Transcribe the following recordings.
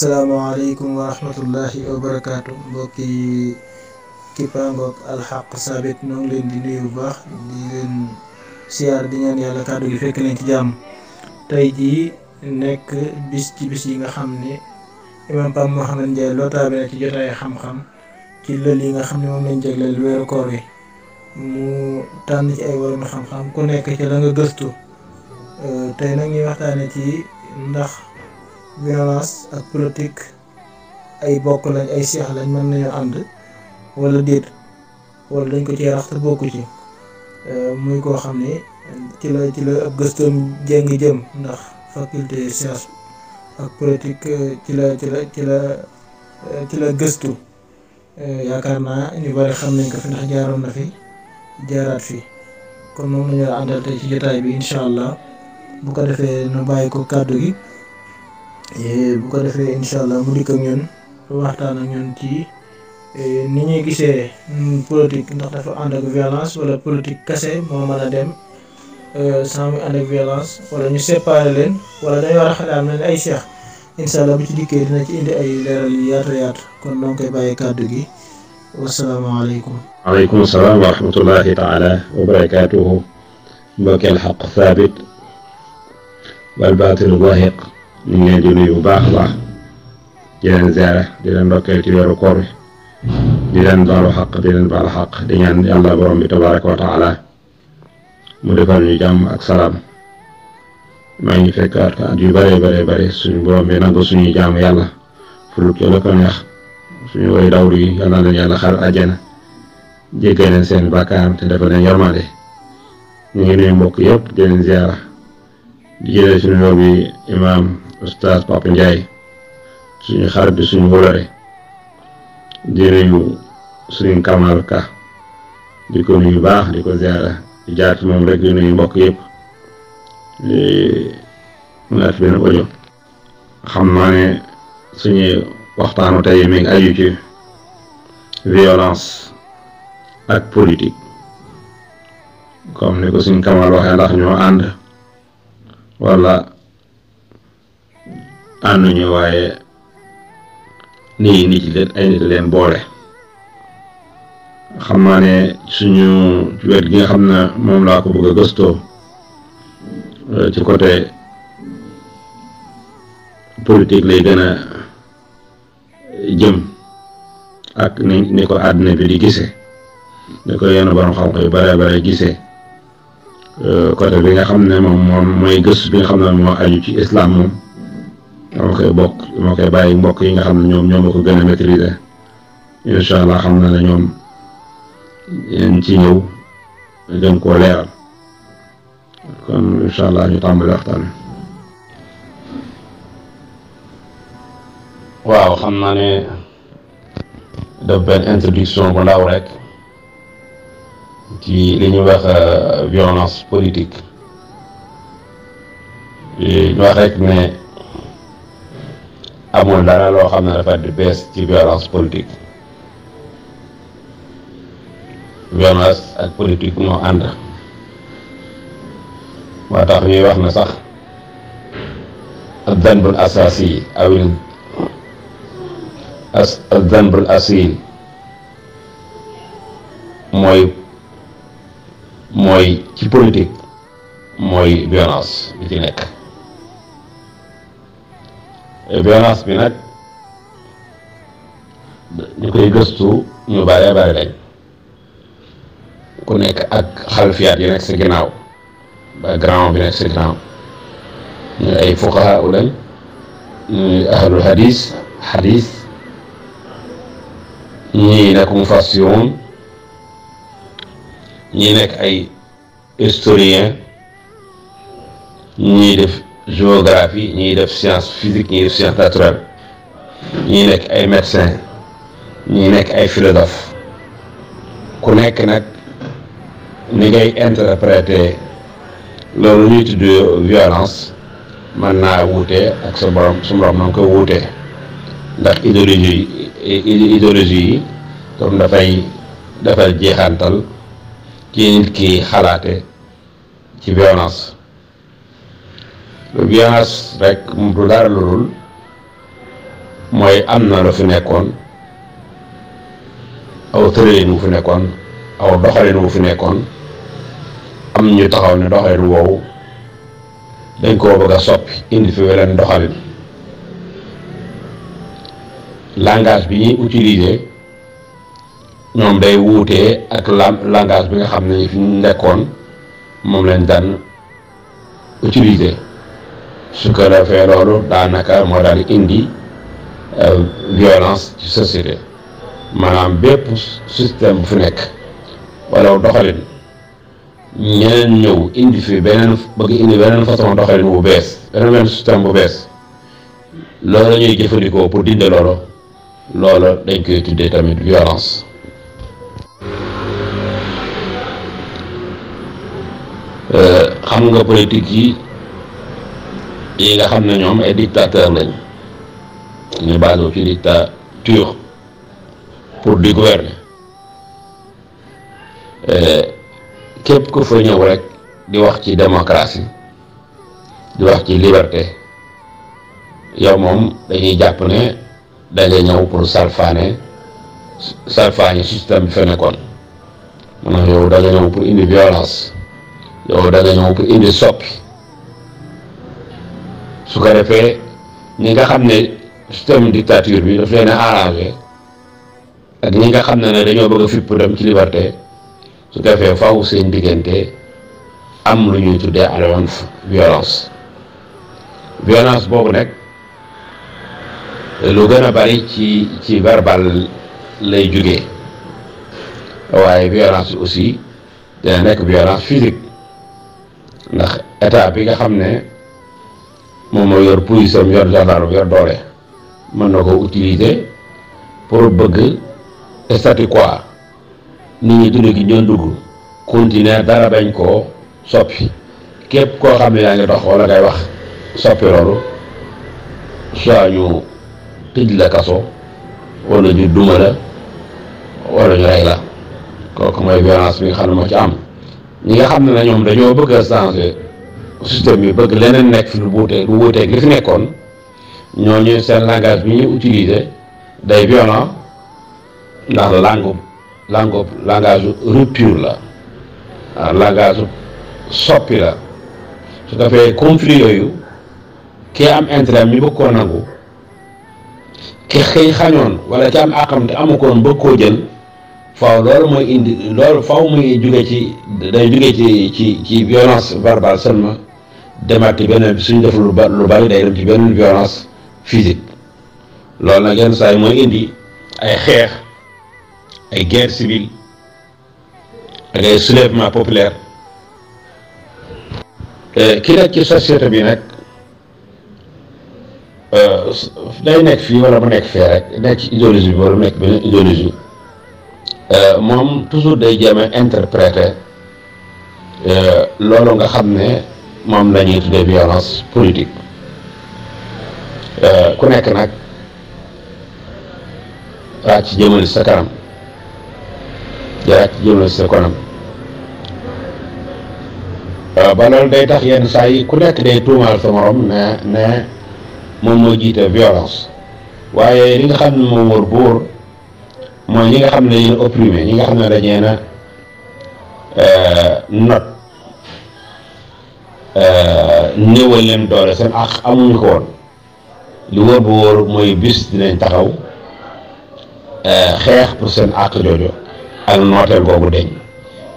Assalamualaikum wa rahmatullahi wa barakaatu bok al-haq sabit ñoo len di nuyu bax di len siyaar di ñaan yalla kaddu gi fekk len ci jàmm tay ji nek bis ci bis yi nga xamne imam Pape Mouhamed ndey lotaabe na ci jotay xam-xam ci yi nga xamne mom lañ koor wi mu tan ci ay waru xam-xam ku nek ci la nga gëstu tay nak ñi waxtane ci ndax violence ak politique ay bokk lañ ay seex lañ mën nañu ànd wala déet wala dañ ko ci rax te bokku ci euh, muy koo xam ne ci la ci la ab gëstoom jéng jëm ndax faculté science ak ci la ci ci la ci la euh, gëstu euh, yaakaar naa ñu bari xam nañ ko fi ndax jaaroon na fi jaaraat fi kon moom la àndal tey ci jotaay bi incha allah bu ko defee nu bàyyi ko kàddu gi. bu ko defee incha allah mu dikk ak ñun waxtaan ak ñun ci e, ni ñuy gisee mm, politique ndax dafa ànd ak violence wala politique kese moo mën a dem e, sans muy ànd ak violence wala ñu séparer leen wala dañoo war a xalaat mel ay cheikh incha allah bu ci dikkee dina ci indi ay leeral yu yaatu yaatu kon noo koy bàyyi kàddu gi wasalaamaaleykum. waaleykum salaam wa rahmatullahi taala wa barakaatuhu. mbokkel xaq thabit wal baatil zahiq ñu ngi leen bu baax a baax di leen ziare di leen ndokkeel ci weeru koor bi di leen xaq di leen xaq di ñaan yàlla borom bi tabaraka wa mu defal ñu jàmm ak salaam maa ngi fekk at yu bëree bëree bëri suñu borom bi nangu suñuy jàmm yàlla fulut lu la ko neex suñu woy dawru yi yal yàlla xar àjjana jéggee leen seen bàkkaar te defal leen yërmande ñu ngi nuyu mbokk yëpp di leen ziara di suñu yoor imaam oustaz Papa Ndiaye suñu xarit suñu wolore di nuyu suñu Kamal Ka di ko nuyu baax di ko ziara di moom rek di nuyu mbokk yëpp di naat benn audio xam naa ne suñu waxtaanu tey mi ngi aju ci violence ak politique comme ni ko suñu Kamal waxee ndax ñoo ànd wala ànduñu waaye nii nit ci leen ay nit leen boole xam naa ne suñu wet gi nga xam na moom laa ko bëgg a gëstoo euh, ci côté politique lay gën a jëm ak ni ni ko àddina bi di gisee ni ko yenn borom xam-xam yu bare bare gisee euh, côté bi nga xam ne moom moom mooy gëstu bi nga xam ne moo aju ci islam moom dama koy bokk dama koy bàyyi mbokk yi nga xam ne ñoom ñoo ma ko gën a maîtriser incha allah xam na ne ñoom yéen ci ñëw gën koo leeral kon incha allah ñu tàmbali waxtaan waaw xam naa ne def benn introduction bu ndaw rek ci li ñuy wax euh, violence politique ñu wax rek ne amul dara loo xam ne dafa di bees ci violence politique violence ak politique ñoo ànd moo tax ñuy wax ne sax adanbul ah. asasi awil as adanbul asin mooy mooy ci politique mooy violence bi ci nekk violence bi nag ñu koy gëstu ñu bare bare lañ ku nekk ak xalfiyaat yi nekk si ginnaaw ba grand bi nekk si ginnaaw ñu ay fuqaha lañ ñuy ahlul hadis hadis ñii nekk mufassiroon ñii nekk ay historien ñii def géographie ni de science physique ni de science naturelle ni nek ay médecin ni nek ay philosophe ku que nag ni interpréter le violence maintenant ak sa borom su borom ko ndax idéologie qui ci nit violence violence rek du dara loolul mooy am na la fi nekkoon aw tërëlin wu fi nekkoon aw doxalin fi nekkoon am ñu taxaw ne doxalin woowu dañ koo bëgg a soppi indi fi weneen doxalin langage bi ñuy utiliser ñoom day wuutee ak langage bi nga xam ne ñu fi nekkoon moom lañ daan utiliser su ko defee loolu daanaka moo daan indi euh, violence ci société maanaam bépp système bu fi nekk wala doxalin ñeneen ñëw indi fi beneen bëgg indi beneen façon doxalin bu bees beneen beneen système bu bees loolu ñuy jëfandikoo pour dinde loolu loolu dañ koy tuddee tamit violence euh, xam nga politique yi yi nga xam ne ñoom ay dictateur lañ ñu basé ci dictature pour di gouverner euh, képp ku fa ñëw rek di wax ci démocratie di wax ci liberté yow moom dañuy jàpp ne da nga ñëw pour salfaane salfaane système bi fa nekkoon maanaam yow da ñëw pour indi violence yow da ñëw pour indi soppi. su ko defee ñi nga xam ne système dictature bi daf leen a arrangé ak ñi nga xam ne ne dañoo bëgg a fipp dem ci liberté su ko defee faw seen diggante am lu ñuy tuddee alonf violence violence boobu nag lu gën a bari ci ci verbal lay jugee waaye violence aussi dina nekk violence physique ndax état bi nga xam ne moom moo yor police am yor gendarme yor doole mën na ko utiliser pour bëgg statu quo nit ñi dund gi ñoo dugg continuer dara bañ koo soppi képp koo xam ne yaa ngi dox wala ngay wax soppi loolu soit ñu tëj la kaso wala ñu duma la ñu rey la kooku mooy violence bi xam ne moo ci am ñi nga xam ne na ñoom dañoo bëgg a système yi bëgg leneen nekk fi lu wuutee lu wuuteeg li fi nekkoon ñooñu seen langage bi ñuy utiliser day violent ndax langue langue langage rupture la waaw ah, langage soppi la su ko conflit yooyu kii am intérêt mi bëgg koo nangu ki xëy xañoon wala ki am àqam te bëgg koo jël faaw loolu mooy indi loolu faaw muy jóge ci day jóge ci ci violence verbale seulement demaat ci beneen suñ def lu ba lu bari day dem ci beneen violence physique loolu nag yenn saa yi mooy indi ay xeex ay guerre civile ak ay soulèvement populaire ki nekk ci société bi nag euh, day nekk fii wala mu nekk fee rek nekk ci idéologie bi wala mu nekk beneen idéologie euh, moom toujours day jéem a interpréter euh, loolu nga xam ne moom la ñuy tuddee violence politique euh, ku nekk nag wàcc jëmale sa kanam di wàcc jëmale sa kanam euh, ba loolu day tax yenn saa yi ku nekk day tuumaal sa morom ne ne moom moo jiite violence waaye li nga xam ne moom wër buur mooy ñi nga xam ne dañu opprimé ñi nga xam ne dañu na euh, not. Euh, néewal leen doole seen ak amuñu ko woon li wóor bu wóor mooy bis dinañ taxaw euh, xeex pour seen ak joojo ak nooteel boobu deñ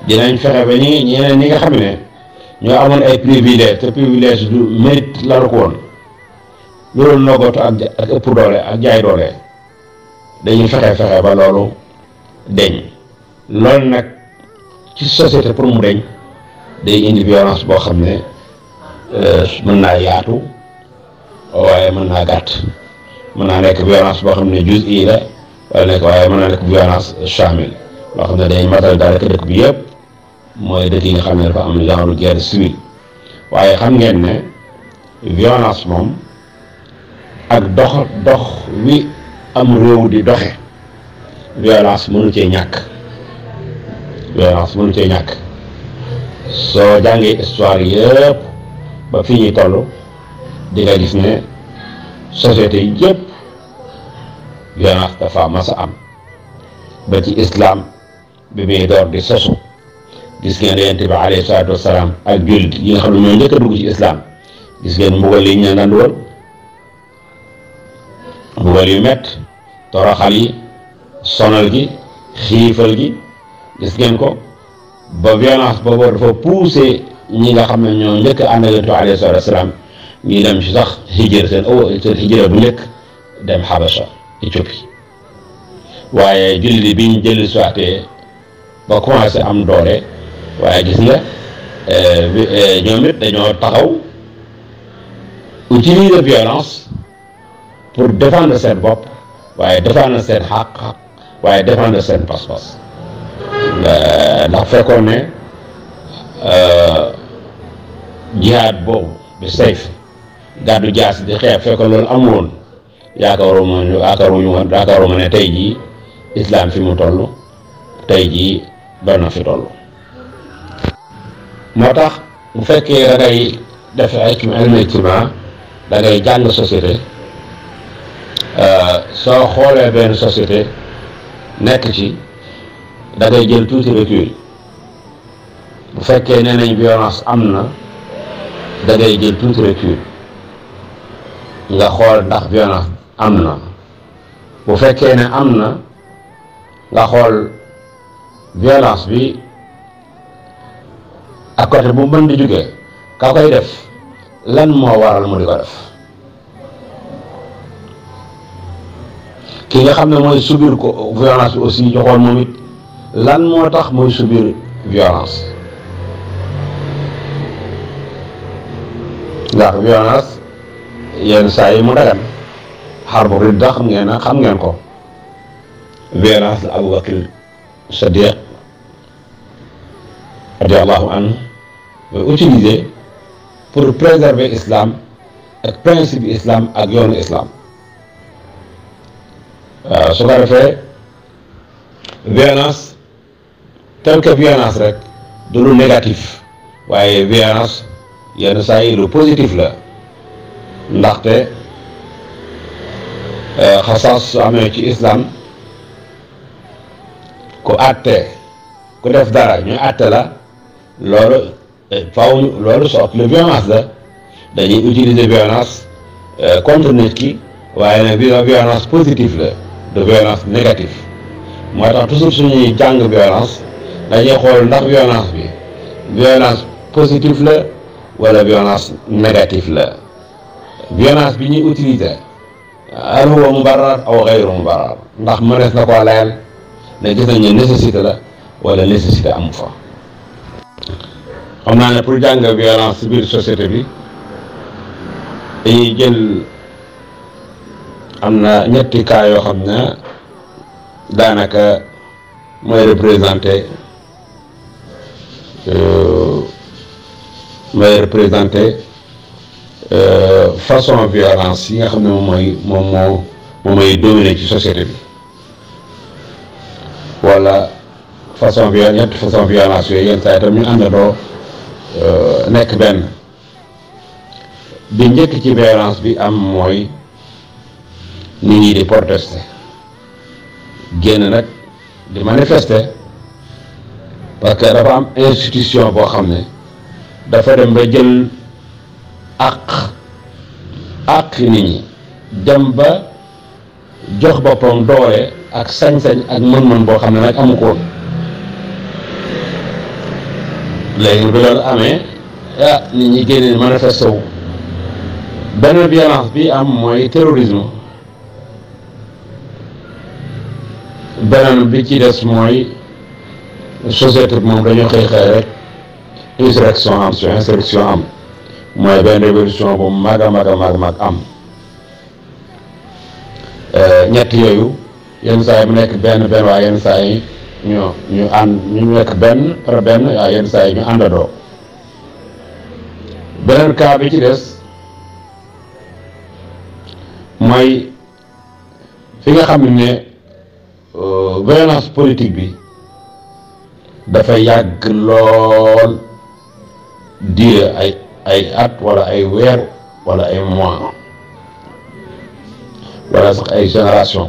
dinañ fexe ba ñi ñeneen ñi nga xam ne ñoo amoon ay privilège te privilège du mérite lalu ko woon loolu noggatu ak ak doole ak jaay doole dañuy fexe fexe ba loolu deñ loolu nag ci société pour mu deñ day indi boo xam ne Euh, mën naa yaatu waaye mën naa gàt mën naa nekk violence boo xam ne juz i la wala waaye mën naa nekk violence chamil loo xam ne day matal daal mooy dëkk yi nga xam ne dafa am genre guerre civile waaye xam ngeen ne violence moom ak dox dox wi am réew di doxe violence mënu cee ñàkk violence mënu cee ñàkk soo jàngee histoire yëpp ba fii ñu toll di nga gis ne société yëpp violence dafa mas am ba ci islam bi muy door di sosu gis ngeen yonent bi ak jullit yi nga xam ne ñoo njëkk dugg ci islam gis ngeen mbugal yi ñu leen daan mbugal yu mett toroxal yi sonal gi xiifal gi gis ngeen ko ba violence boobu dafa poussé ñi nga xam ne ñoo njëkk ànd ak yonent bi alayhi salaatu wasalaam ñuy dem ci sax hijra seen aw seen hijra bu njëkk dem Habasha Éthiopie waaye julli bi ñu jëli soité ba commencé am doole waaye gis nga ñoom it dañoo taxaw utiliser violence pour défendre seen bopp waaye défendre seen xaq-xaq waaye défendre seen pas-pas ndax fekkoon ne Euh, jihaad boobu bi sayf gàddu jaas di xeex fekk loolu amul woon yaakaaruma ñu yaakaaruñu woon yaakaaruma ne tey jii islam fi mu toll tey jii doon fi toll moo tax bu fekkee da ngay def ay climat da ngay jàng société euh, soo xoolee benn société nekk ci dangay jël tuuti recul bu fekkee nee nañu violence am na da ngay jël tout recul nga xool ndax violence am na bu fekkee ne am na nga xool violence bi ak côté bu mën di jógee ka koy def lan moo waral mu di ko def ki nga xam ne mooy subir ko violence bi aussi joxoon moom it lan moo tax mooy subir violence ndax violence yenn saa yi mu dagan xarbu ridda xam ngeen a xam ngeen ko violence la Abubakar Sadiq radiallahu anhu mooy utiliser pour préserver islam ak principe islam ak yoonu islam waaw su ko defee violence tel que violence rek du lu négatif waaye violence yenn saa yi lu positif la ndaxte euh, xasaas su amee ci islam ku àtte ku def dara ñu àtte la loolu euh, faw loolu sorte de violence la dañuy utiliser violence euh, contre nit ki waaye nag bii violence positive la de violence négative moo tax toujours suñuy jàng violence dañuy xool ndax violence bi violence positive la wala violence négative la violence bi ñuy utiliser hal huwa mubarrar aw xayru mubarrar ndax mënees na koo layal ne gis nañ nécessité la wala nécessité amu fa xam naa ne pour jàng violence ci biir société bi dañuy jël am na ñetti cas yoo xam ne daanaka mooy représenté euh, mais représenter euh, façon violence yi nga xam ne moom mooy société bi façon violence façon violence yooyu ñu euh, ci violence bi am ñi manifester parce que dafa institution boo dafa dem ba jël àq àq nit ñi dem ba jox boppam doole ak sañ-sañ ak mën-mën boo xam ne nag amu ko woon léegi bi loolu amee ah nit ñi génne manifesté wu benn violence bi am mooy terrorisme beneen bi ci des mooy société bi moom dañu xëy xëy rek insurrection am su insurrection am mooy benn révolution bu mag a mag a mag mag am eh, ñett yooyu yenn saa yi mu nekk benn benn waaye yenn saa yi ñu ànd ñu nekk benn par benn waaye yenn saa yi ñu àndandoo beneen cas bi ci des mooy fi nga xam ne euh, violence politique bi dafa yàgg lool diir ay ay at wala ay weer wala ay mois wala sax ay génération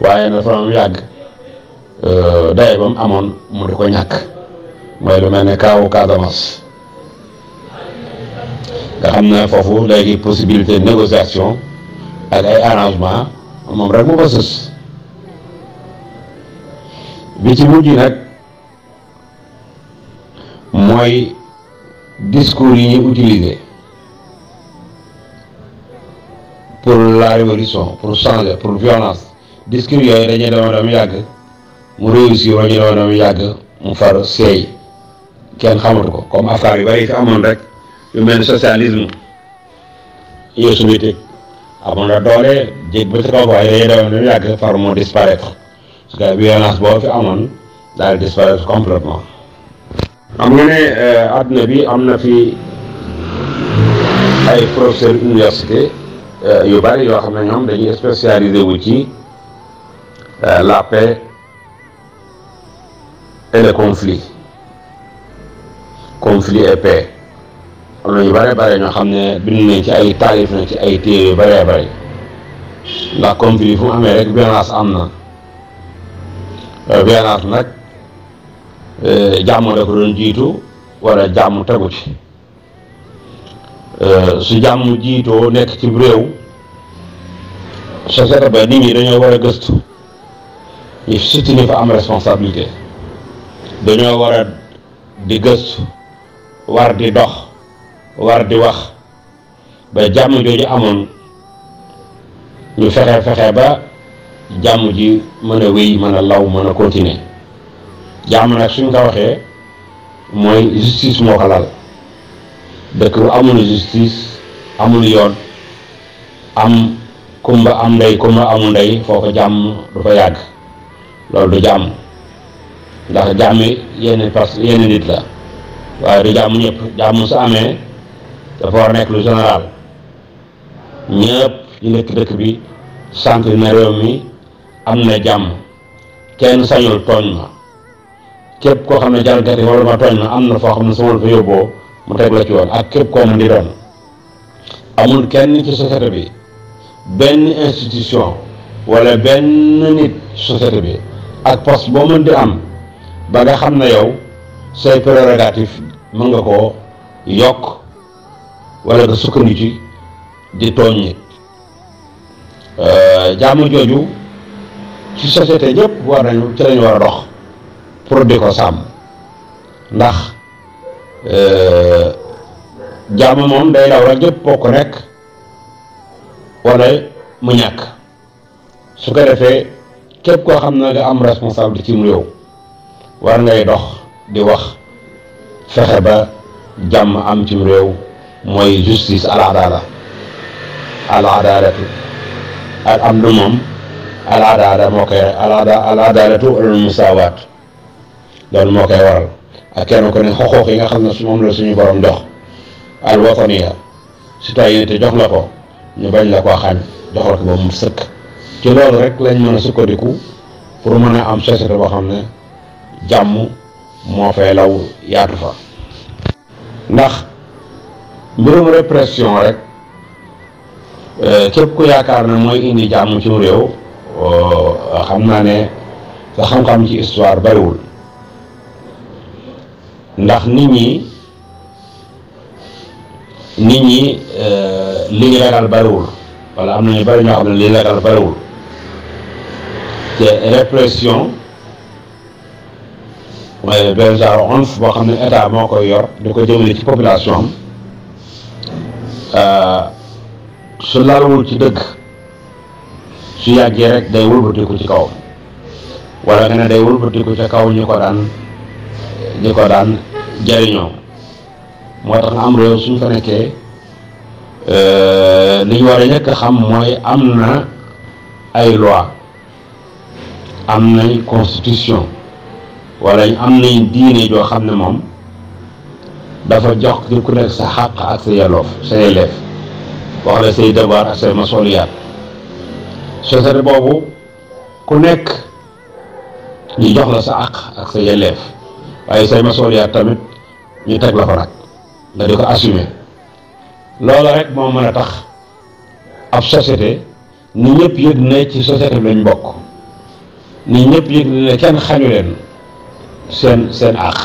waaye na dafa am yàgg euh, bam amoon mu di ko ñàkk lu mel ne kaawu Casamance nga xam ne foofu léegi possibilité négociation ay arrangement moom rek mu ko sës bi ci mooy discours yi ñu pour la révolution pour changer pour violence discours yooyu dañuy demoon dama yàgg mu réussir wala ñu demoon dama yàgg mu far seey kenn xamatu ko comme affaire yu bari fi amoon rek yu mel ni socialisme yooyu suñuy tëj amoon na doole jéeg ba ci kaw waaye dañuy demoon dama yàgg far disparaître parce que violence boo fi amoon disparaître complètement xam nga ne euh, àdduna bi am na fi ay professeur université euh, yu bari yoo xam ne ñoom dañuy spécialisé wu ci euh, la paix et le conflit conflit et paix am na ñu bëree bëri ñoo xam ne bind nañ ci ay taalif na ci ay téere yu bëree bëri ndax conflit fu mu amee rek am na violence nag Eh, jàmm da ko doon jiitu wala jàmm tegu ci eh, su jàmm jiitoo nekk ci réew société ba nit ñi dañoo war a gëstu ñu surtout ñi fa am responsabilité dañoo war a di gëstu war di dox war di wax ba jàmm jooju amoon ñu fexe fexe ba jàmm ji mën a wéy mën a law mën a continuer jàmm nag suñ ko waxee mooy justice moo ko lal dëkk bu amul justice amul yoon am kumba am ndey kumba amul ndey foofu jàmm du ko yàgg loolu du jàmm ndax jàmm yenn parce yenn nit la waaye du jàmm ñëpp jàmm su amee dafa war nekk lu général ñëpp ñu nekk dëkk bi sant na réew mi am na jàmm kenn sañul tooñ ma képp koo xam ne jalgati wala ma tooñ la am na foo xam ne sama la fa yóbboo mu teg la ci yoon ak képp koo mën di doon amul kenn ci société bi benn institution wala benn nit société bi ak poste boo mën di am ba nga xam na yow say prérogative mën nga koo yokk wala nga sukkandiku ci di tooñ nit euh, jaamu jooju ci société ñëpp war nañu ci lañu war a dox pour di ko sàmm ndax euh, jàmm moom day daw rek yëpp bokk nekk wala mu ñàkk su ko defee képp koo xam ne nga am responsabilité ci mu réew war ngay dox di wax fexe ba jàmm am ci mu réew mooy justice al adala al adalatu al adlu moom al adala moo koy al adalatu al musawaat loolu moo koy waral ak kenn ku ne xoxoox yi nga xam ne su moom la suñu borom jox al wataniya citoyenneté jox la ko ñu bañ la ko xañ jox la ba mu sëkk ci loolu rek lañ mën a sukkandiku pour mën a am société boo xam ne jàmm moo fay law yaatu fa ndax mbirum répression rek euh, képp ku yaakaar ne mooy indi jàmm ci réew euh, xam naa ne sa xam-xam ci histoire bariwul ndax nit ñi nit ñi euh, li ñu ragal bariwul wala am na ñu bari ñoo xam ne li ragal bariwul te répression mooy benn genre boo xam ne état moo koy yor di ko jëmale ci population am euh, su lalwul ci dëkk su yàggee rek day wëlbatiku ci kaw wala nga ne day wëlbatiku ca kaw ñu ko daan ñu ko daan jariñoo moo tax nga am réew suñ fa nekkee euh, li war a ñëkk xam mooy am na ay loi am nañ constitution wala am nañ diine joo xam ne moom dafa jox ki ku nekk sa xàq ak sa yeloof sa yelleef wax la say devoir ak say masoliyaat société boobu ku nekk ñu jox la sa àq ak sa yelleef waaye say masoliyaat tamit ñu teg la ko nag nga di ko assumer loola rek moo mën a tax ab société ni ñëpp yëg ne ci société bi lañ bokk ni ñëpp yëg ne kenn xañu leen seen seen àq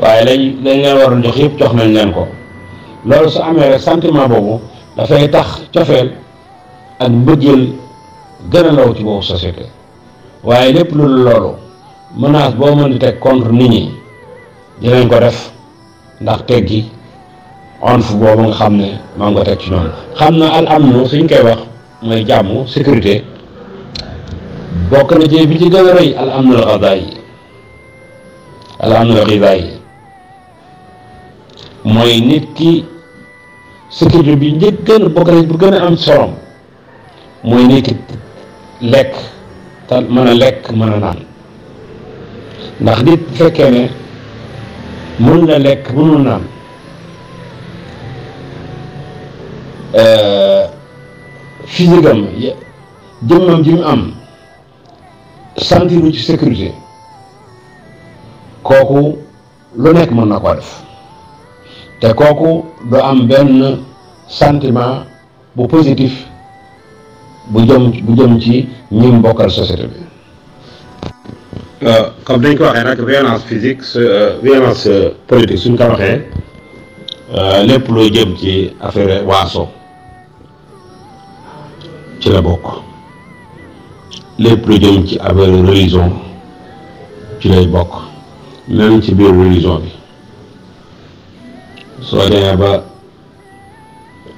waaye lañ lañ leen waroon jox yëpp jox nañ leen ko loolu su amee rek sentiment boobu dafay tax cofeel ak mbëggeel gën a law ci boobu société waaye lépp lu loolu menace boo mën di teg contre nit ñi dinañ ko def ndax teggi onf boobu nga xam ne maa ngi ko teg ci noonu xam na al amnu suñ koy wax mooy jàmm sécurité bokk na ci bi ci gën a rëy al amnu al xidaay yi al amnu mooy nit ki sécurité bi njëkk gën a bokk na gën a am solo mooy nit lekk te mën a lekk mën a naan ndax nit fekkee ne mënul na lekk mënul naan euh, physique am jëmmam ji mu am sentiru ci sécurité kooku lu nekk mën na koo def te kooku du am benn sentiment bu positif bu jëm bu jëm ci ñim bokkal société bi Euh, comme dañ ko waxee nag violence physique euh, violence euh, politique suñ ko waxee lépp lu jëm ci affaire waaso ci la bokk lépp lu jëm ci affaire religion ci lay bokk même ci biir religion bi soo demee ba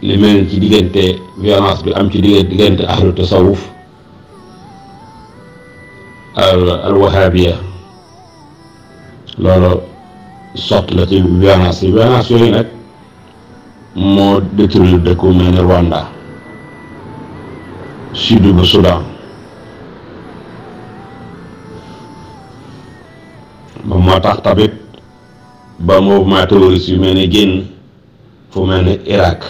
li mel ci diggante violence bi am ci diggante ahlu tasawuf alwahabiya loolu sot la ci violence yi violence yooyu nag moo détruire dëkku mel ni Rwanda sud bu Soudan moo tax tamit ba mouvement terroriste yu mel ni génn fu mel ni Irak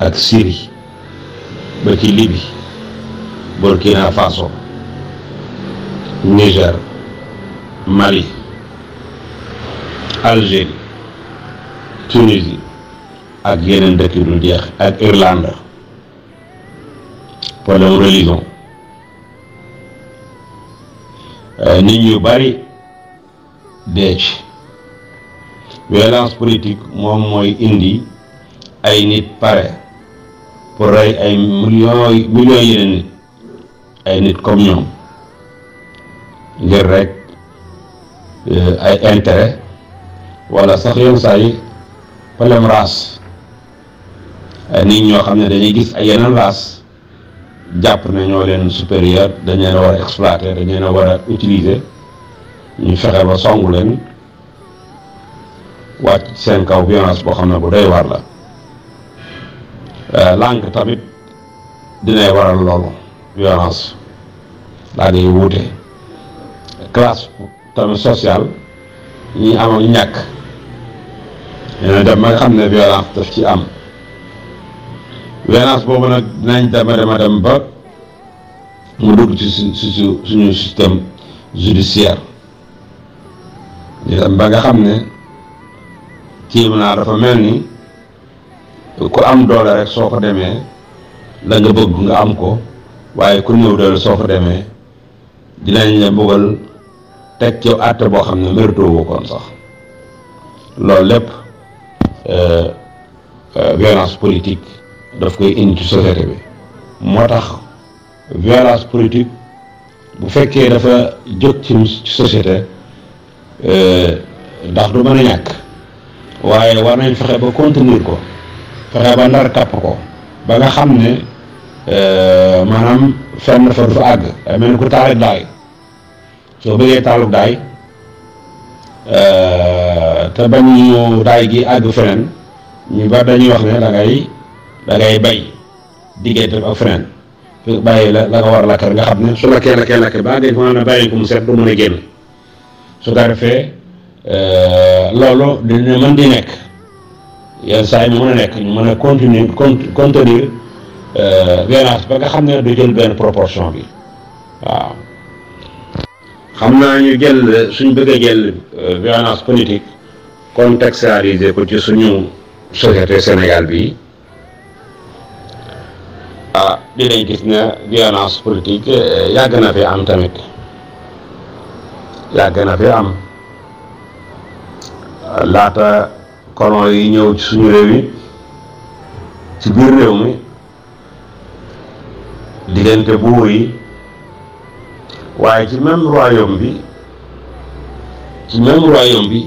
ak Syrie ba ci Burkina Faso Niger Mali Algérie Tunisie ak Yenen dëkk yu dul jeex ak Irlande problème religion euh, nit bari violence politique moi moi indi ay nit pare pour rey ay millions millions yeneen nit ay nit comme ngir rek eh, ay intérêt wala sax yenn saa yi problème ay nit ñoo xam ne dañuy gis ay yeneen race jàpp ne ñoo leen supérieur dañ leen a war a exploiter dañ a war a utiliser ñu fexe ba songu leen wàcc seen kaw violence boo xam ne bu doy war la eh, langue tamit dinay waral loolu violence daa day classe tamit sociale ñi am ak ñak dina dem ma xamne xam ne violence daf ci am violence bobu nak dinañ dem a dem dem ba mu dugg ci suñu suñu système judiciaire ñu dem ba nga xamne ne tribunal dafa melni ni ku am doole rek soo ko demee la nga bëgg nga am ko waaye ku ñëw doole soo ko demee dinañ la bëggal teg ci àtte boo xam ne méritoo woo koon sax loolu lépp euh, euh, violence politique daf koy indi ci société bi moo tax violence politique bu fekkee dafa jóg ci société euh, ndax du mën a ñàkk waaye war nañ fexe ba contenir ko fexe ba ndar kàpp ko ba nga xam ne maanaam fenn fa du fa àgg. mel ko ku taal daay. soo bëggee taalub daay euh, te bañu daay gi àgg feneen ñu ba dañuy wax ne da ngay da ngay bay diggante ak feneen su bàyyi la la ko war a lakkal nga xam ne su lakkee lakkee lakkee ba nga xam ne bàyyi ko mu set du su ko defee euh, loolu di nekk yenn saa mën a nekk mën a continuer contenir euh, vélance ba nga xam ne du jël benn proportion bi waaw. xam naa ñu jël suñ bëgg a jël euh, violence politique contextualiser ko ci suñu société Sénégal bi ah dinañ gis nga violence politique euh, yàgg na fi am tamit yàgg na fi am laata colon yi ñëw suñu réew yi ci biir réew mi diggante buur yi waaye ci même royaume bi ci même royaume bi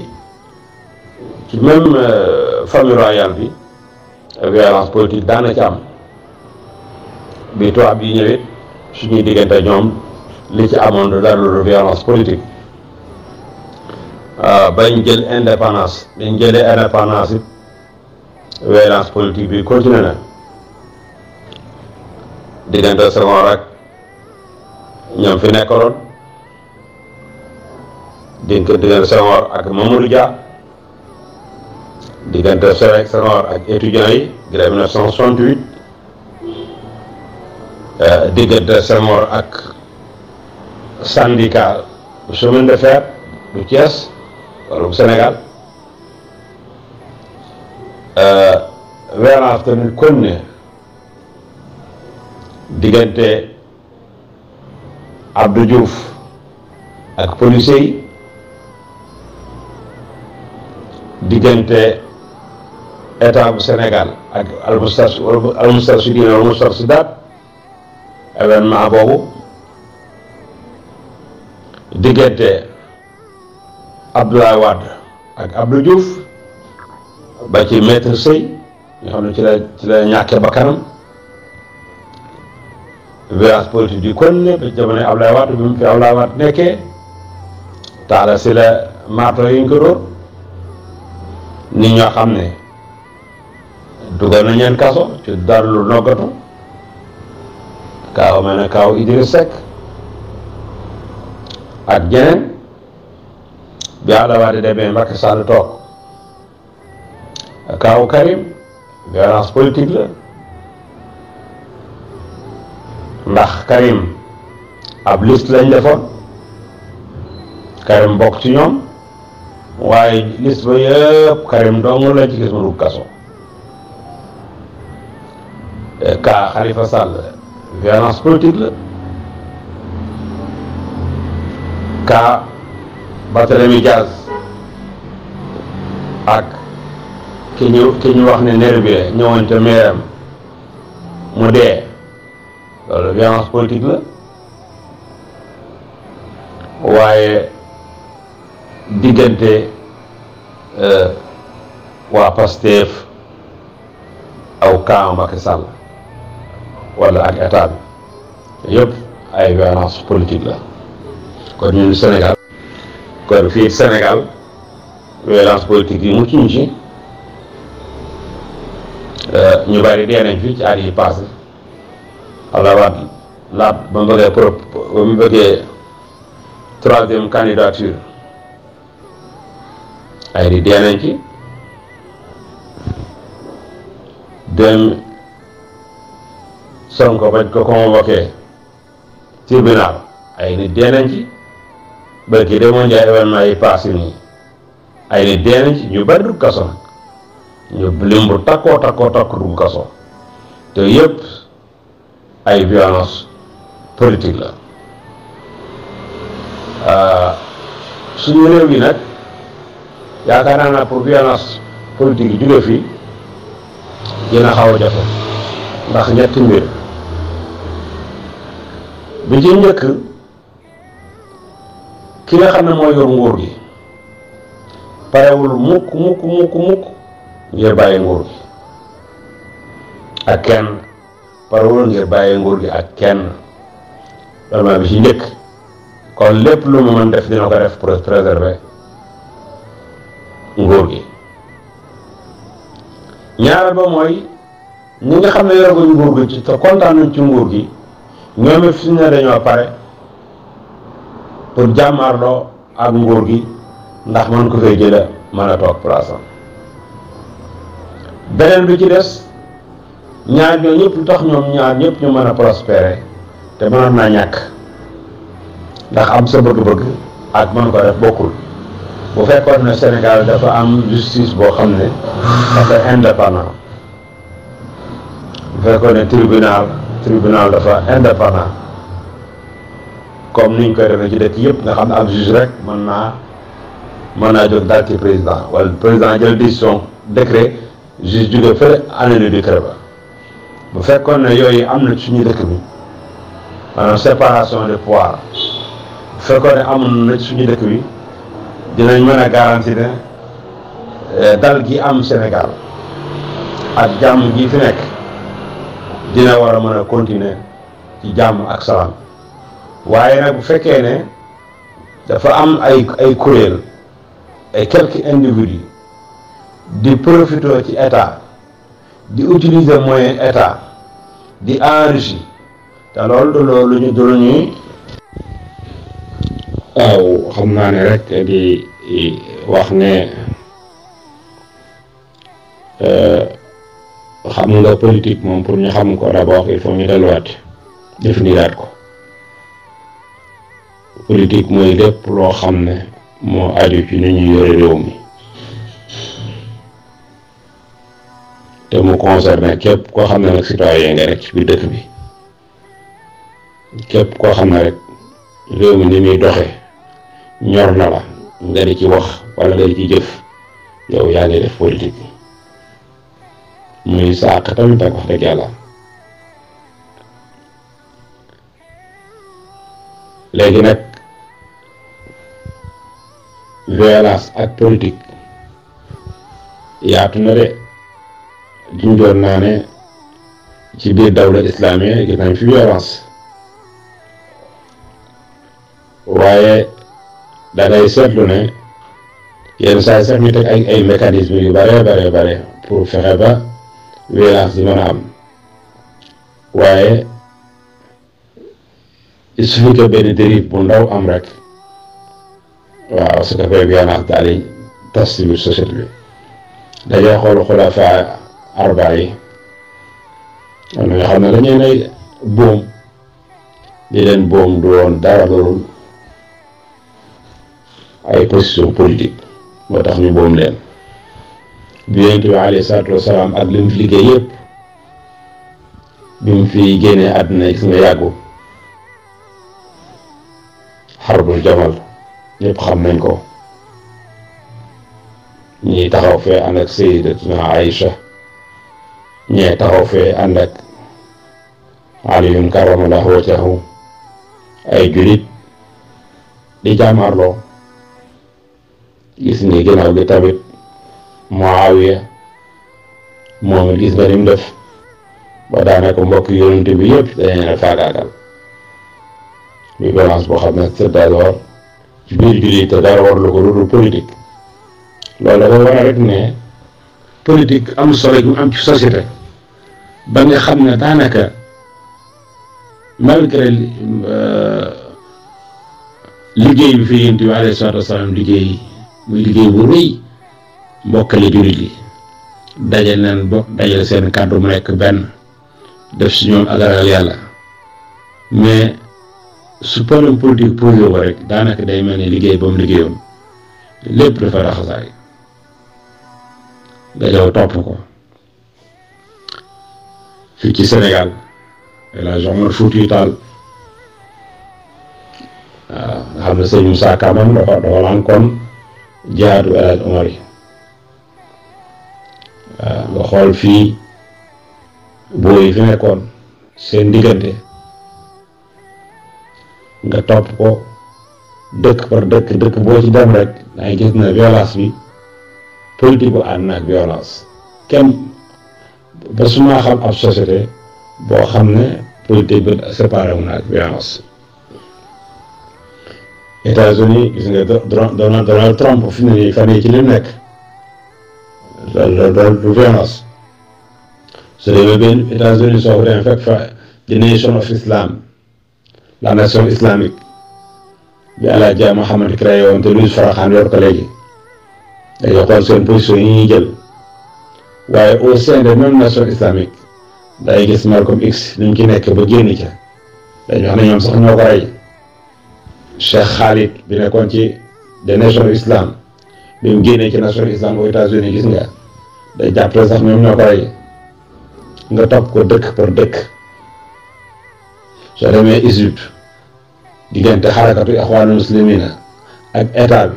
ci même euh, famille royale bi violence politique daana ci am bi tubaab yi ñëwee suñuy diggante ñoom li ci amoon du dara lu violence politique euh, bañ jël indépendance bañ jëlee indépendance it violence politique bi continué na diggante Senghor rek ñoom fi nekkoon diggante Senghor ak Mamadou diggante Senghor ak étudiants yi grève 1968 euh, diggante Senghor ak syndicat chemin de fer du Thiès wala bu Sénégal weeraaf euh, tamit kon ne diggante Abdou Diouf ak police diggante état bu Sénégal ak almustarsi almustarsidiin almustarsidaat événement boobu diggante Abdoulaye Wade ak Abdou ba ci maître Sey xam ne ci la ci la ñàkkee violence politique yi kon lépp ci jamonoy Ablaye bi mu fi Ablaye Wade nekkee taala si yi ñu ko dóor nit xam ne dugal nañ leen kaso ci dara lu noggatu kaaw mel ne kaaw ak ñeneen bi Ablaye Wade demee Macky Sall toog kaaw Karim violence politique ndax Karim ab liste lañ defoon Karim mbokk ci ñoom waaye liste ba yëpp Karim dong lañ ci gis mu dugg kaso eh, ka Khalifa Sall violence politique la ka Barthélemy Diaz ak ki ñu ki ñu wax ne nervi ñëwoon ca meeram mu dee loolu violence politique la waaye diggante euh, waa Pastef aw camp Macky Sall wala ak état bi ay violence politique la kon ñun Sénégal kon fii senegal violence politique yi mucc ñu ci euh, ñu bari dee nañ fi ci at yi alawan lab ba prop bëggee pro ba mu troisième candidature ay di dem sonko bañ ko convoqué tribunal ay nit dee nañ ci barki demoon njaay événement yi passé nii ay nit dee nañ ci ñu bari dugg ñu ay violence politique la euh, suñu réew yi nag yaakaar naa na pour violence politique yi jóge fii dina xaw a ndax ñetti mbir bi ci njëkk ki nga xam ne mooy yor nguur gi parewul mukk mukk mukk mukk ngir bàyyi nguur gi ak kenn parewul ngir baye nguur gi ak kenn lool ma bi ci njëkk kon lépp lu mu mën def dina ko def pour préserver nguur gi ñaar ba mooy ñi nga xam ne yoraguñ nguur gi ci te kontaan nañ ci nguur gi ñoom it fi ne dañoo pare pour jàmmaarloo ak nguur gi ndax man ko fay jëla mën a toog place am beneen bi ci des ñaar ñoo ñëpp lu tax ñoom ñaar ñëpp ñu prospérer ndax am sa bëgg-bëgg ak ko def bu Sénégal dafa am justice indépendant bu tribunal tribunal dafa indépendant comme nous, koy defee ci dëkk yëpp nga juge rek président wala président jël décision décret juge jóge fële décret bu fekkoon ne yooyu am na suñu dëkk bi a séparation des pouvoirs bu fekkoon ne amoon na suñu dëkk bi dinañ mën a garanti ne eh, dal gi am Sénégal ak jàmm gi fi nekk dina war a mën a continuer ci jàmm ak salaam waaye nag bu fekkee ne dafa am ay ay kuréel ay quelque individus di profité ci état di utiliser moyen état di enrichir te loolu du loolu ñu dul ñuy. waaw xam naa ne rek di wax ne euh, xam nga politique moom pour ñu xam ko d'abord il faut ñu delluwaat définiraat ko politique mooy lép loo xam ne moo aju ci ni ñu réew mi. te mu concerné képp koo xam ne nag citoyen nga rek ci biir dëkk bi képp koo xam ne rek réew mi ni muy doxe ñor na la nga di ci wax wala nga di ci jëf yow yaa ngi def politique muy saaq tamit ak wax dëgg léegi nag violence ak politique yaatu na de junjoon naa ne ci biir dawla islaamiya gis nañ fi violence waaye dangay seetlu ne yenn saa sax ñu teg ay ay mécanismes bare bare bare pour fexe ba violence di mën a am waaye il suffit que benn dérive bu ndaw am rek waaw su ko fee violence daal tas ci biir société bi dañuy xool xulafaa arbaay yi nga xam ne dañuy lay boom li leen boom du woon dara loolu ay position politique moo tax ñu boom leen bi yonent bi alayhi salaatu wasalaam ak li mu fi liggéey yëpp bi mu fi génnee àdduna gis nga yàggu xarbul jamal ñëpp xam nañ ko ñi taxaw fee ànd ak sayyidatuna Aïcha ñee taxaw fee ànd ak aliyun karamallahu ay julit di jàmmarloo gis ni ginnaaw gi tamit Muawiya moom it gis nga ni def ba daanaka mbokk yonent bi yëpp dañu leen faagaagal bi balance boo xam ne seddaal war ci biir jullit te dara war lu ko ludul politique loolu dafay ne politique am solo am ci ba nga xam ne daanaka malgré euh, liggéey bi fi yonent bi alayhi salaatu wasalaam liggéey muy liggéey bu rëy mbokkale jullit yi dajal neen bokk dajal seen kàddu bu nekk benn def si ñoom ak ragal yàlla mais su problème politique posé ko rek daanaka day mel ni liggéey ba mu liggéeyoon lépp dafa raxasaay nga topp ko fii ci Sénégal El Hadj Omar Foutiyou Tall waaw ah, nga xam ne sëñ Moussa Ka kon jaadu El Hadj ah, nga xool fii booy fi nekkoon seen diggante nga topp ko dëkk par dëkk dëkk boo ci dem rek dangay gis na violence bi politique bu ànd na kenn ba su maa xam ab société boo xam ne politique bi séparé wu na États-Unis Donald Trump fan yii ci lim nekk loolu loolu du violence su demee États-Unis soo ko fa di of Islam la nation islamique bi El Hadj Mouhamed créé woon te Louis Farrakhan yor ko léegi seen position yi waaye au sein des mêmes nations islamiques day gis Malcolm X ni mu nekk ba génn ca dañu wax ne ñoom sax ñoo ko rey Cheikh bi nekkoon ci des nations islam bi mu génnee ci nation islam aux États-Unis gis nga day jàppale sax ñoom ñoo ko rey nga topp ko dëkk par dëkk soo demee Égypte diggante xarakatu ixwaanul muslimina ak état bi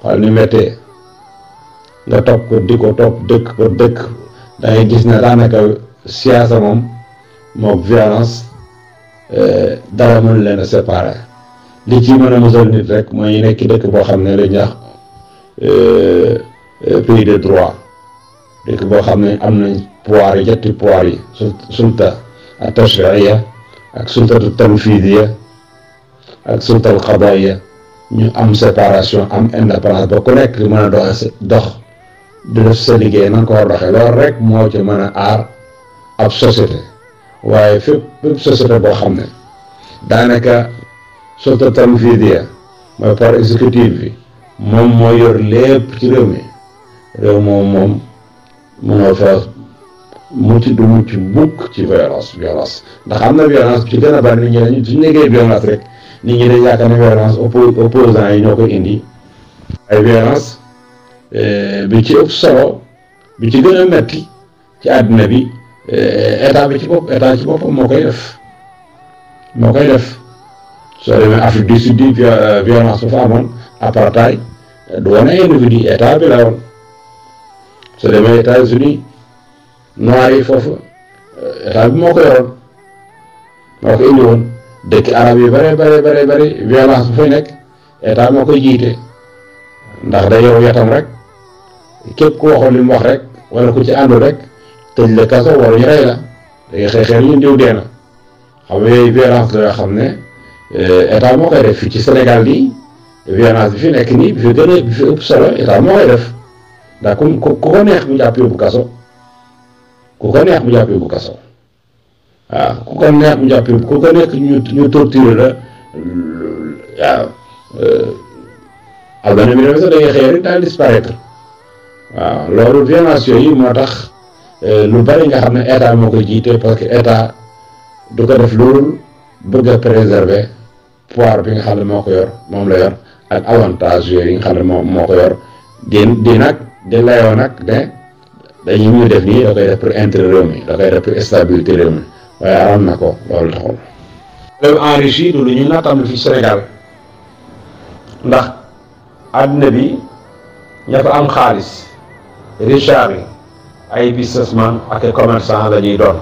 xool ni méttee nga topp ko di topp dëkk dëkk dangay gis ne daanaka siyaasa moom moo violence eh, dara mënu leen a séparer li ci mën a musal nit rek mooy nekk dëkk boo xam ne dañ wax eh, eh, de droit dëkk boo xam ne am nañ pouvoir yi ñetti pouvoir yi su sulta ak tashriya ak sultatu tanfidiya ak ñu am séparation am indépendance ba ku mën a dox dox di def liggéey nan ko war doxee loolu rek moo ci mën a aar ab société waaye fépp fépp société boo xam ne daanaka société tanfiidiya mooy par exécutif bi moom moo yor lépp ci réew mi moom moom mënoo ci mucc du mucc mukk ci violence violence ndax am na violence ci gën a bari nit ñi dañu suñu violence rek nit ñi yi ñoo koy indi ay violence Eh, bi ci ëpp solo bi ci gën a metti ci àdduna bi eh, état bi ci bopp état ci boppam moo koy def moo koy def soo demee Afrique du Sud bi eh, violence bu fa amoon apartheid du woon ay individu état bi la woon demee états bi moo ko yoroon moo ko indi woon arab yi bare bare bare bare violence bu nekk état moo koy jiite ndax day yow yatam rek képp ku waxoon li mu wax rek wala ku ci àndul rek tëj la kaso wala ñu la da ngay ñu diw dee na xam nga yooyu violence la xam ne eh, état moo koy def fii ci Sénégal gi violence bi fi nekk nii bi fi gën a bi fi ëpp solo état moo koy def ndax ku ko neex mu jàpp yóbbu kaso ku ko neex mu jàpp yóbbu ku ko nekk ñu ñu la waaw am na ñoo ngi sax da ngay xëy rek waaw loolu violence yooyu moo tax euh, lu bari nga xam ne état moo ko jiite parce que état du ko def loolu bëgg préserver pouvoir bi nga xam ne moo ko yor moom la yor ak avantage yooyu nga xam ne moom moo ko yor di di nag di layoo nag ne dañu muy def nii da koy def pour intérêt réew mi da koy def pour stabilité réew mi waaye aram na ko loolu taxul. réew enrichi lu ñu nattam fi Sénégal ndax àddina bi ña fa am xaalis. richard yi ay businessman ak ay commerçant la ñuy doon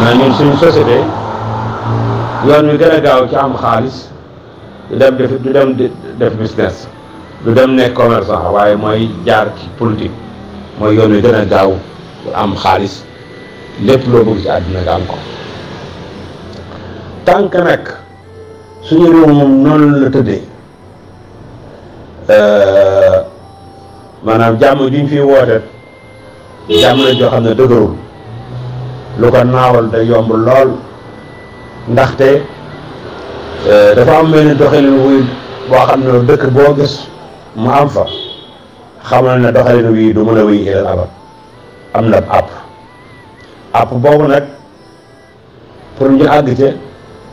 mais ñun suñu société yoon wi gën a gaaw ci am xaalis du dem def du dem def business du dem nekk commerçant waaye mooy jaar ci politique mooy yoon wi gën a gaaw am xaalis lépp loo bëgg ci àddina nga am ko tànk nag suñu réew moom noonu la tëddee euh, manam jàmm juñ fi wote jàmm la jo xamne ne dëgërul lu ko naawal da yomb lool ndaxte dafa am benn doxalin wuy boo xam ne dëkk boo gis mu am fa xamal ne doxalin wii du mën a wéy ilal abad am na àpp àpp boobu nag pour ñu àgg ca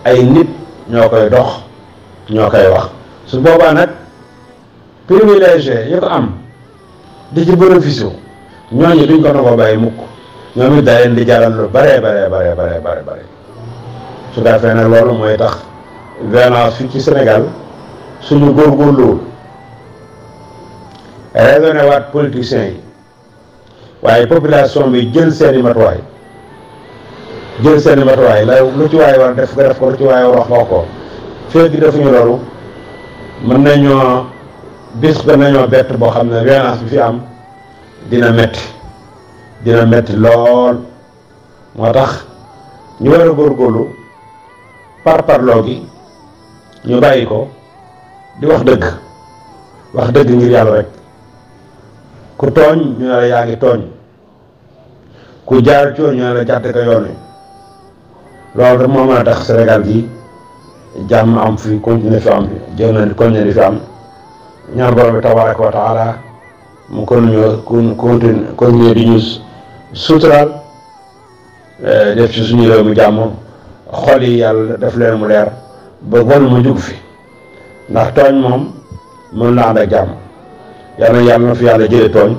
ay nit ñoo koy dox ñoo koy wax su boobaa nag privilégié yi ko am di ci bénéfice ñooñu duñ ko nangoo ba mukk ñoom it da leen di jaral lu bare bare bare bare bare su daa fee nag loolu mooy tax violence fii ci Sénégal suñu góorgóorluwul raisonné waat politiciens yi waaye population bi jël seeni matuwaay jël seeni matuwaay la lu ci waay war def ko lu ci waay wax wax ko fekk defuñu loolu mën nañoo bis ba nañoo bett boo xam ne violence bi fi am dina metti dina metti lool moo tax ñu war a góorgóorlu par parloo gi ñu bàyyi ko di wax dëgg wax dëgg ngir yàlla rek ku tooñ ñu la yaa ngi tooñ ku jaar coon ñu ne la jàtte ko yoon wi loolu moo mën a tax Sénégal gi jàmm am fi continuer fi am jël na continuer di fi am ñaan borom bi tabaraka wa taala mu kon ñu continuer di ñu suturaal eh, def ci suñu réew mi jàmm xol yi yàlla def leen mu leer ba bon mu jug fi ndax tooñ moom mën na ànd ak jàmm yàlla yàlla na fi yàlla jëlee tooñ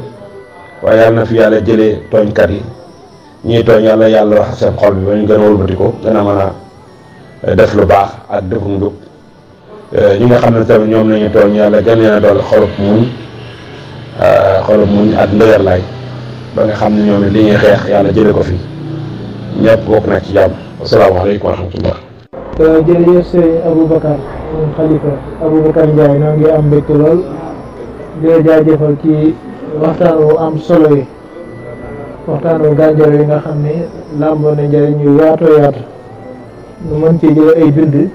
waaye yàlla na fi yàlla jëlee tooñkat yi ñuy tooñ yàlla yàlla wax seen xol bi ba ñu gën a wëlbati gën a mën a eh, def lu baax ak defu njub Euh, ñi nga xam ne tamit ñoom nañu tooñ yàlla gën leen a doole xolub muñ euh, xolub muñ ak ndëgër laay ba nga xam ne ñoom li ñuy xeex yàlla jële ko fi ñëpp bokk nag ci jàmm asalaamaaleykum wa rahmatullah euh, jërëjëf ngi am mbégte lool di la jaajëfal ci waxtaan wu am solo yi waxtaan wu gànjar yi nga xam ne làmboo na njëriñ yu yaatoo yaatu ñu mën ci jël ay bind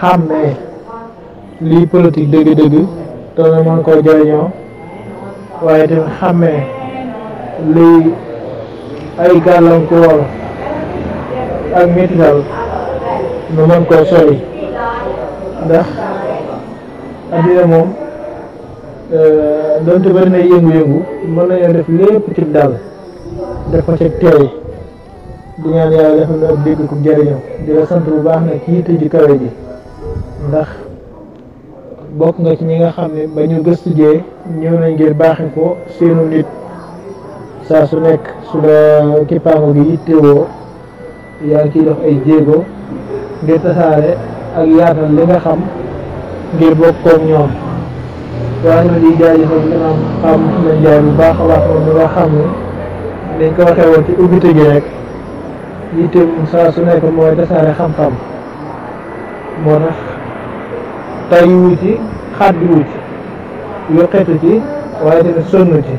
xàmmee lii politique dégg dëgg dana mën koo jëriñoo waaye tamit xàmmee lii ay gàllankoor ak métidal nu mën koo sori ndax addina moom euh, donte bari na yëngu-yëngu mën nañoo def lépp ci dal def ko ci teey di ñaan yàlla defal na dégg ku jëriñoo di sant bu baax na ci yitte ji kawe ji ndax bokk nga ci ñi nga xam ne ba ñu gëstu jee ñëw nañ ngir baaxi ko seenu nit saa su nekk su la kippaango gi yittewoo yaa ngi ciy dox ay jéego ngir tasaare ak yaatal li nga xam ngir bokkoog ñoom waaye ñu di jaajëfal imam xam na jaay bu baax a baax moom nga xam ne dañ ko waxee woon ci ubbite gi rek yitteem saa su nekk mooy tasaare xam-xam moo tax tayyiwu ci xàddiwu ci yokkatu ci waaye tamit sonn ci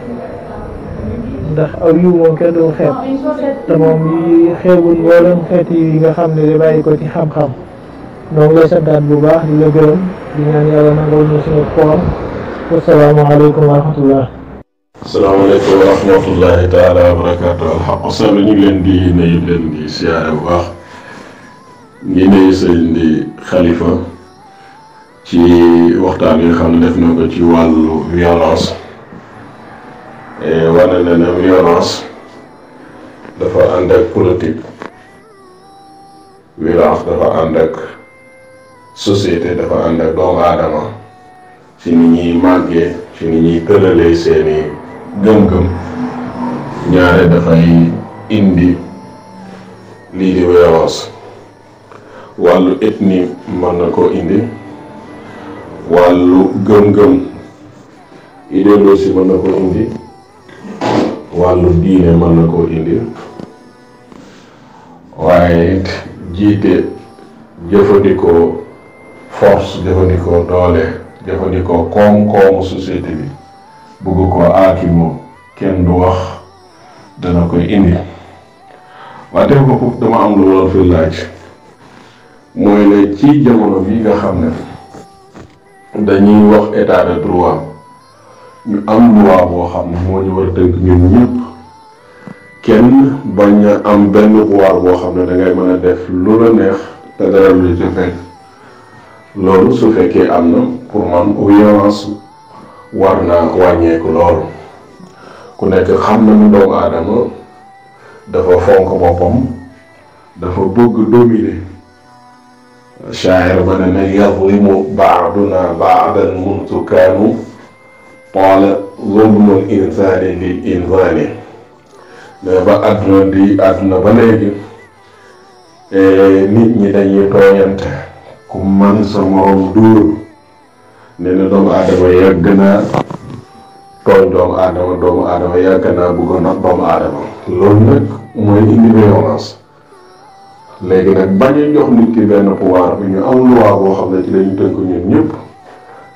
ndax aw yiw moom kenn du xeeb te moom yi xeebul mboolem xeet yi nga xam ne di bàyyi ko ci xam-xam donc lay santaat bu baax di la gërëm di ñaan yàlla nangoo ñu suñu koor wasalaamaaleykum wa rahmatullah asalaamaaleykum wa rahmatullahi taala wa barakaatu alxaq sall ñu leen di nuyu leen di siyaare bu baax ngi nuyu sëñ di xalifa ci waxtaan yi nga xam ne def na ko ci wàllu violence wane na ne violence dafa ànd ak politique violence dafa ànd ak société dafa ànd ak doomu aadama ci ni ñuy màggee ci ni ñuy tëralee seeni gëm-gëm ñaare dafay indi lii di violence wàllu ethnie mën na koo indi wàllu gëm-gëm idéologie mën na ko indi wàllu diine mën na koo indi waaye jiite jëfandikoo force jëfandikoo doole jëfandikoo koom-koomu société bi bëgg ko aakimoo kenn du wax dana koy indi waaye def ko foofu dama am lu lool fi laaj mooy ne ci jamono bi nga xam ne dañuy wax état de droit ñu am loi boo xam ne moo ñu war a ñun ñëpp kenn bañ a am benn pouvoir boo xam ne da ngay mën a def lu la neex te dara lu loolu su fekkee am na pour man violence war naa wàññeeku loolu ku nekk xam na ni doomu aadama dafa fonk boppam dafa bëgg dominer. shaacir ba ne ne yadlimu baaduna baadan muntu kaanu qaala zulmul insaani lil insaani ne ba àdduna di àdduna ba léegi e, nit ñi dañuy tooñante ku man sa morom dóor ne na doomu aadama yàgg naa tooñ doomu aadama doomu aadama yàgg naa bëggoon a doomu aadama loolu nag mooy indi violence léegi nag bañ a jox nit ki benn pouvoir bi ñu am loi boo xam ne ci lañu tënk ñun ñëpp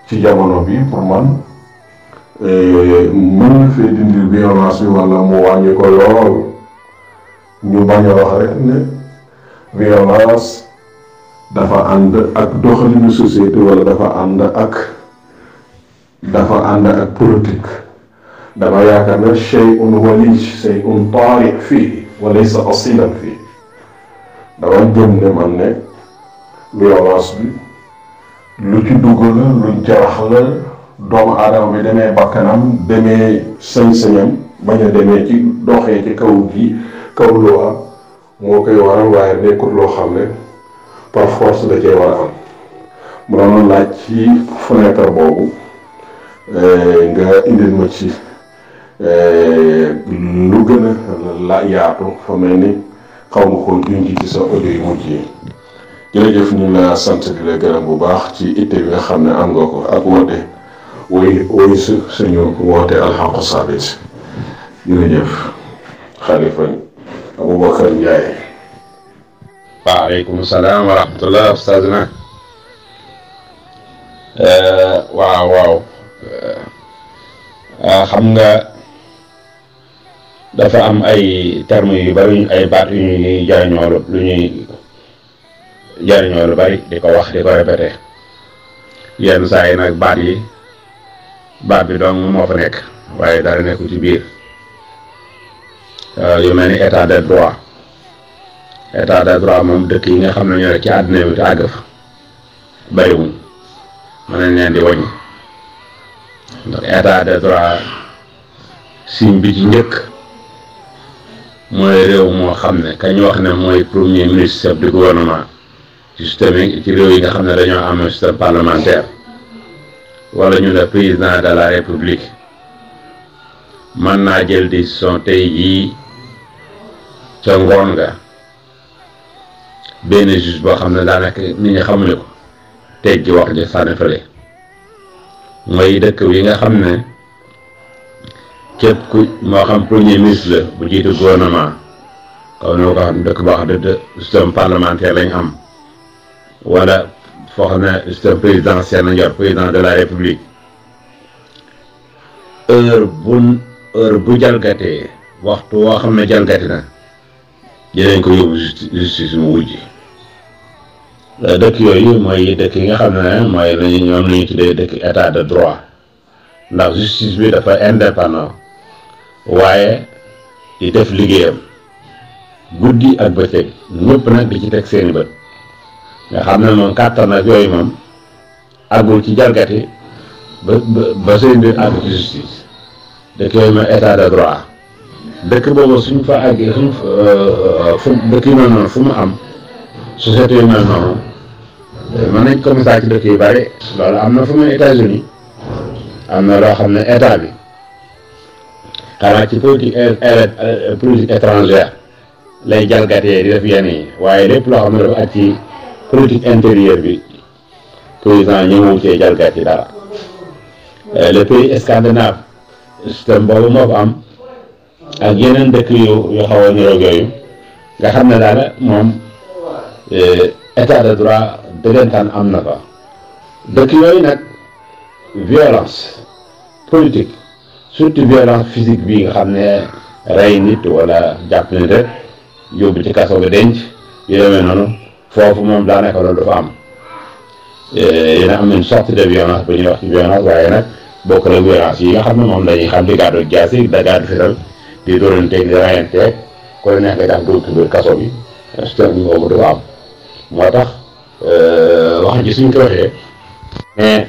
ci jamono bi pour man yooyu mën na fee dindi violence bi wala mu wàññi ko lool ñu bañ a wax rek ne violence dafa ànd ak doxalinu société wala dafa ànd ak dafa ànd ak politique dama yaakaar ne shay un walij shay un taariq fii walaysa asilan fii dama gëm ne man ne violence bi lu ci dugg la lu jarax la doomu aadama bi demee bakkanam demee sañ-sañam bañ a demee ci doxee ci kaw gi kaw luwaa moo koy waral waaye nekkul loo xam ne par force da cee war a am mu doon laaj ci fenêtre boobu eh, nga indil ma ci eh, lu gën a la yaatu fa mel ni xaw ko junj ci sa audio yu mujj yi jërëjëf ñu la sant di la gërëm bu baax ci ité bi nga xam ne am nga ko ak woote woy woy su suñu woote alxaqu sabit jërëjëf xalifa aboubacar ndiaye waaleykum salaam wa rahmatullah ustaz na waaw waaw xam nga dafa am ay termes yu bari ay baat yu ñuy jariñoo lu ñuy jariñoo lu bari di ko wax di ko répété yenn saa yi nag baat yi baat bi doon moo fa nekk waaye dara nekku ci biir euh, yu mel ni état de droit état de droit moom dëkk yi nga xam ne ñoo ci àddina bi te fa bariwuñ mën nañ leen di état de droit signe bi ci njëkk. mooy réew moo xam ne kañ wax ne mooy premier ministre chef du gouvernement ci système ci réew yi nga xam ne dañoo am système parlementaire wala ñu ne président de la république mën naa jël son tey jii ca ngoon nga benn juge boo xam ne daanaka ni ñi xamuñu ko te ji wax ja sànni fële mooy dëkk yi nga xam ne képp ku moo xam premier ministre la bu jiitu gouvernement kaw na ko xam dëkk boo xam système parlementaire lañ am wala foo xam ne système présidentiel nañ yor président de la république heure bu heure bu jalgatee waxtu woo xam ne jalgati na dinañ ko yóbbu justice mu wujj euh, dëkk yooyu mooy dëkk yi nga xam ne mooy lañu ñoom la ñu tuddee dëkk état de droit ndax justice bi dafa indépendant waaye di def liggéeyam guddi ak bëccëg ñëpp nag li ci teg seen bët nga xam ne moom kàttan ak yooyu moom àggul ci jalgati ba ba seen biir àgg ci justice dëkk yooyu mooy état de droit dëkk boobu suñ fa àggee suñ euh, fu dëkk yu mel noonu fu mu am société yu mel noonu euh, mën nañ commencé ci dëkk yu bari loolu am na fu muy États-Unis am na loo xam ne état bi xanaa ci politique waaye lépp loo xam ne dafa ci politique intérieure bi président ñëwul cee jalgat yi dara euh, le pays am ak yeneen dëkk xaw a xam ne daana moom euh, état de droit dëggantaan am na fa dëkk yooyu nag violence politique surtout violence physique bi nga xam ne rey nit wala jàpp nit rek yóbbu ci kaso ba denc yu demee noonu foofu moom daanaka loolu dafa am eh, yéen a xam ne sorte de violence bu ñuy wax ci violence waaye nag bokk la yi nga xam ne moom dañuy xam di gàddu jaas yi da gàddu fetal di dóoranteeg di rayanteeg ku la neex nga jàpp dugg ci biir kaso bi stock bi boobu dafa am moo tax eh, wax ji suñ ko waxee mais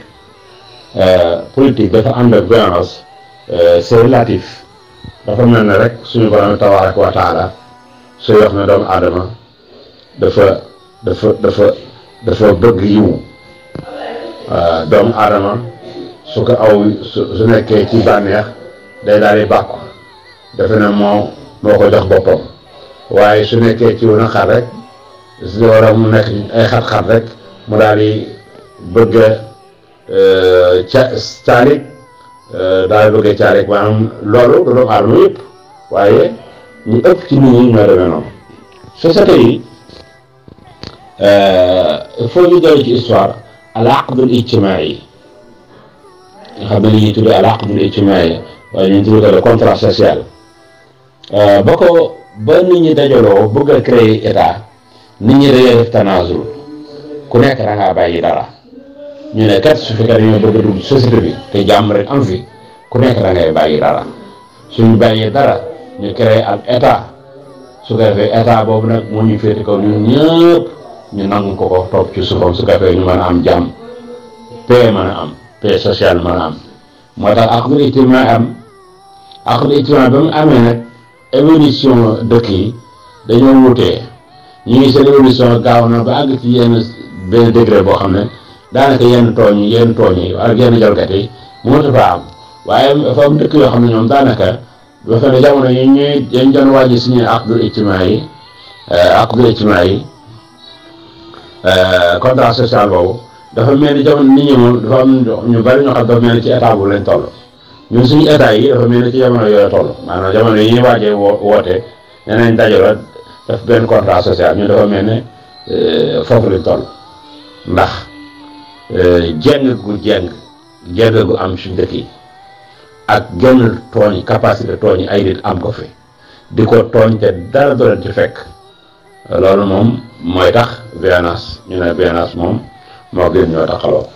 eh, politique dafa ànd ak violence Euh, c'est relatif dafa mel ne rek suñu borom tabaaraka wa taala suy wax ne doomu aadama dafa dafa bëgg yiw doomu aadama su aw su nekkee ci bànneex day daal di bàkku defe ne moo ko jox boppam waaye su nekkee ci wu xar rek si war mu nekk ay xat rek mu daal di bëgg euh, Euh, daal bëggee caa rek maanaam loolu du doon aadama yëpp waaye ñu ëpp ci nit ñi ñoo demee noonu société yi euh, il faut ñu dellu ci histoire al aqdul ijtimaai yi nga xam ne li ñuy al aqdul ijtimaai yi waaye ñu tuddee le contrat social euh, ba ba nit ñi dajaloo bëgg créer état nit ñi dañoo def ku nekk da bàyyi dara. ñu ne kat su fekkee dañoo bëgg dugg société bi te jàmm rek am fi ku nekk da ngay bàyyi dara suñu bàyyee dara ñu créé ab état su ko defee état boobu nag moom ñu féete kaw ñun ñëpp ñu nangu ko ko topp ci suufam su ko defee ñu mën a am jàmm paix mën a am paix sociale mën a am moo tax aqdul ijtimaa am aqdul ijtimaa ba mu amee nag évolution dëkk yi dañoo wutee ñu ngi seen évolution gaaw na ba àgg ci yenn benn degré boo xam ne daanaka yenn tooñ yi yenn tooñ yi ak yenn jalgat yi mënatu faa am waaye fa am dëkk yoo xam ne ñoom daanaka bu fekkee ne jamono yi ñuy dañ doon wàññi suñuy yi euh, aqdul ijtimaa yi euh, contrat social boobu dafa mel ni jamono nit ñu bari ñoo xam dafa mel ni ci état bu lañ toll ñun suñu état yi dafa mel ni ci jamono yooyu toll maanaam jamono yi ñuy waajee woo woote nee nañ dajaloo def benn contrat social ñun dafa mel ne euh, foofu lañ toll ndax. Euh, jeng gu jeng jeng gu am suñ dëkk yi ak genn tooñ capacité tooñ ay nit am ko fi di ko tooñ te dara doon ci fekk loolu moom mooy tax violence ñu ne violence moom moo gën ñoo taxaloo